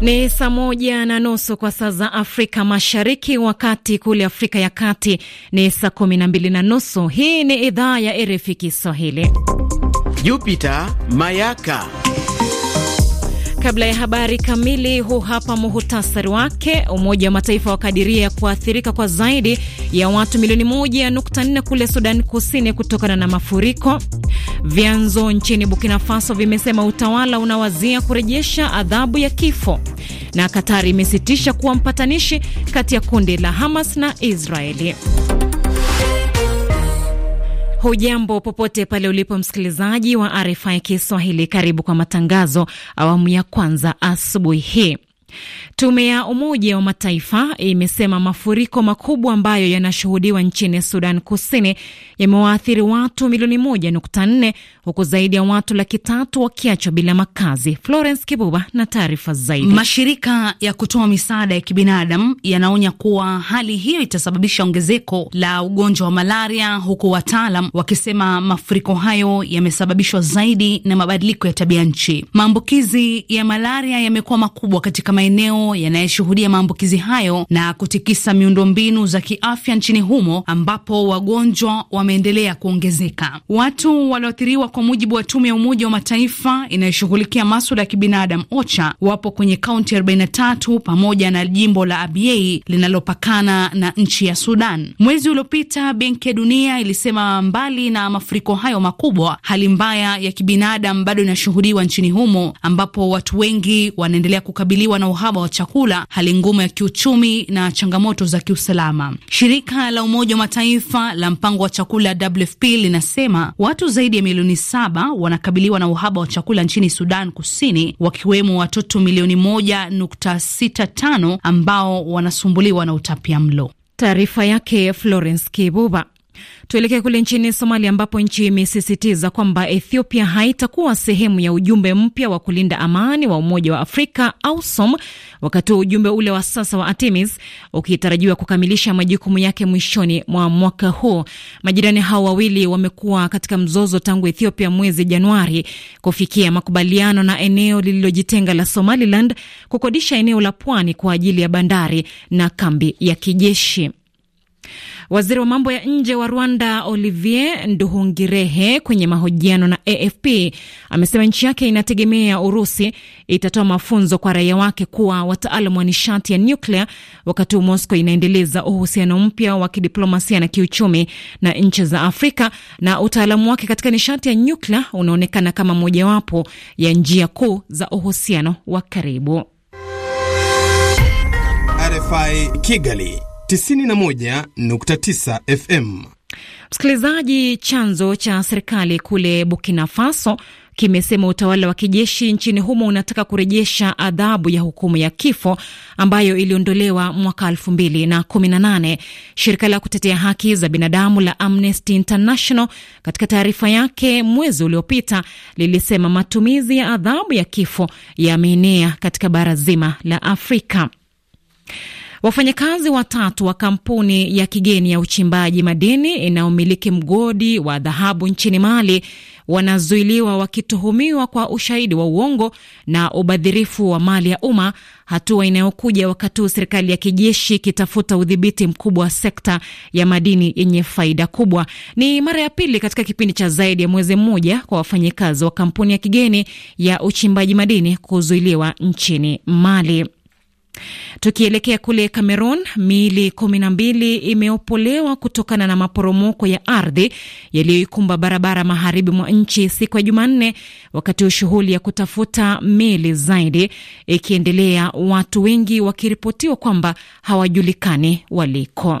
Ni saa moja na nusu kwa saa za Afrika Mashariki, wakati kule Afrika ya Kati ni saa kumi na mbili na nusu. Hii ni idhaa ya RFI Kiswahili. Jupiter Mayaka. Kabla ya habari kamili, huu hapa muhutasari wake. Umoja wa Mataifa wakadiria kuathirika kwa zaidi ya watu milioni moja nukta nne kule Sudan Kusini kutokana na mafuriko. Vyanzo nchini Burkina Faso vimesema utawala unawazia kurejesha adhabu ya kifo, na Katari imesitisha kuwa mpatanishi kati ya kundi la Hamas na Israeli. Hujambo popote pale ulipo msikilizaji wa RFI Kiswahili, karibu kwa matangazo awamu ya kwanza asubuhi hii. Tume ya Umoja wa Mataifa imesema mafuriko makubwa ambayo yanashuhudiwa nchini Sudan Kusini yamewaathiri watu milioni moja nukta nne huku zaidi ya watu laki tatu wakiachwa bila makazi. Florence Kibuba na taarifa zaidi. Mashirika ya kutoa misaada ya kibinadamu yanaonya kuwa hali hiyo itasababisha ongezeko la ugonjwa wa malaria, huku wataalam wakisema mafuriko hayo yamesababishwa zaidi na mabadiliko ya tabia nchi. Maambukizi ya malaria yamekuwa makubwa katika maeneo yanayoshuhudia maambukizi hayo na kutikisa miundombinu za kiafya nchini humo ambapo wagonjwa wameendelea kuongezeka. Watu walioathiriwa kwa mujibu wa tume ya Umoja wa Mataifa inayoshughulikia maswala ya kibinadamu OCHA wapo kwenye kaunti 43 pamoja na jimbo la Abyei linalopakana na nchi ya Sudan. Mwezi uliopita, Benki ya Dunia ilisema mbali na mafuriko hayo makubwa, hali mbaya ya kibinadamu bado inashuhudiwa nchini humo ambapo watu wengi wanaendelea kukabiliwa na na uhaba wa chakula, hali ngumu ya kiuchumi na changamoto za kiusalama. Shirika la Umoja wa Mataifa la mpango wa chakula WFP linasema watu zaidi ya milioni saba wanakabiliwa na uhaba wa chakula nchini Sudan Kusini, wakiwemo watoto milioni moja nukta sita tano ambao wanasumbuliwa na utapia mlo. Taarifa yake Florence Kibuba. Tuelekee kule nchini Somalia ambapo nchi imesisitiza kwamba Ethiopia haitakuwa sehemu ya ujumbe mpya wa kulinda amani wa Umoja wa Afrika AUSOM, wakati wa ujumbe ule wa sasa wa artemis ukitarajiwa kukamilisha majukumu yake mwishoni mwa mwaka huu. Majirani hao wawili wamekuwa katika mzozo tangu Ethiopia mwezi Januari kufikia makubaliano na eneo lililojitenga la Somaliland kukodisha eneo la pwani kwa ajili ya bandari na kambi ya kijeshi. Waziri wa mambo ya nje wa Rwanda Olivier Nduhungirehe kwenye mahojiano na AFP amesema nchi yake inategemea Urusi itatoa mafunzo kwa raia wake kuwa wataalam wa nishati ya nyuklia, wakati huu Moscow inaendeleza uhusiano mpya wa kidiplomasia na kiuchumi na nchi za Afrika, na utaalamu wake katika nishati ya nyuklia unaonekana kama mojawapo ya njia kuu za uhusiano wa karibu. RFI Kigali 91.9 FM. Msikilizaji, chanzo cha serikali kule Burkina Faso kimesema utawala wa kijeshi nchini humo unataka kurejesha adhabu ya hukumu ya kifo ambayo iliondolewa mwaka 2018. Shirika la kutetea haki za binadamu la Amnesty International katika taarifa yake mwezi uliopita lilisema matumizi ya adhabu ya kifo yameenea katika bara zima la Afrika. Wafanyakazi watatu wa kampuni ya kigeni ya uchimbaji madini inayomiliki mgodi wa dhahabu nchini Mali wanazuiliwa wakituhumiwa kwa ushahidi wa uongo na ubadhirifu wa mali ya umma, hatua inayokuja wakati huu serikali ya kijeshi ikitafuta udhibiti mkubwa wa sekta ya madini yenye faida kubwa. Ni mara ya pili katika kipindi cha zaidi ya mwezi mmoja kwa wafanyakazi wa kampuni ya kigeni ya uchimbaji madini kuzuiliwa nchini Mali. Tukielekea kule Cameroon, miili kumi na mbili imeopolewa kutokana na maporomoko ya ardhi yaliyoikumba barabara magharibi mwa nchi siku ya Jumanne, wakati wa shughuli ya kutafuta miili zaidi ikiendelea, watu wengi wakiripotiwa kwamba hawajulikani waliko.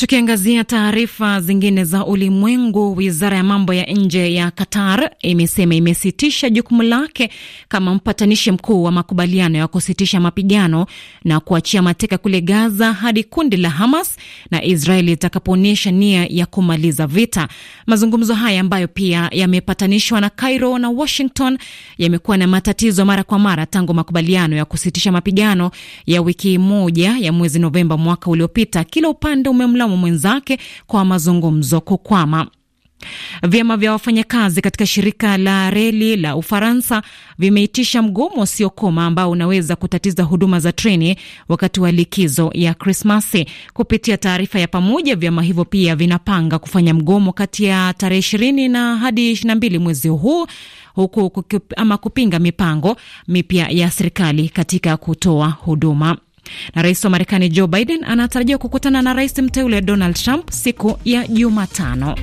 Tukiangazia taarifa zingine za ulimwengu, wizara ya mambo ya nje ya Qatar imesema imesitisha jukumu lake kama mpatanishi mkuu wa makubaliano ya kusitisha mapigano na kuachia mateka kule Gaza hadi kundi la Hamas na Israeli itakapoonyesha nia ya kumaliza vita. Mazungumzo haya ambayo pia yamepatanishwa na Cairo na Washington yamekuwa na matatizo mara kwa mara tangu makubaliano ya kusitisha mapigano ya wiki moja ya mwezi Novemba mwaka uliopita, kila upande umemla binadamu mwenzake kwa mazungumzo kukwama. Vyama vya wafanyakazi katika shirika la reli la Ufaransa vimeitisha mgomo usiokoma ambao unaweza kutatiza huduma za treni wakati wa likizo ya Krismasi. Kupitia taarifa ya pamoja, vyama hivyo pia vinapanga kufanya mgomo kati ya tarehe ishirini na hadi ishirini na mbili mwezi huu huku ama kupinga mipango mipya ya serikali katika kutoa huduma. Na rais wa Marekani Joe Biden anatarajiwa kukutana na rais mteule Donald Trump siku ya Jumatano.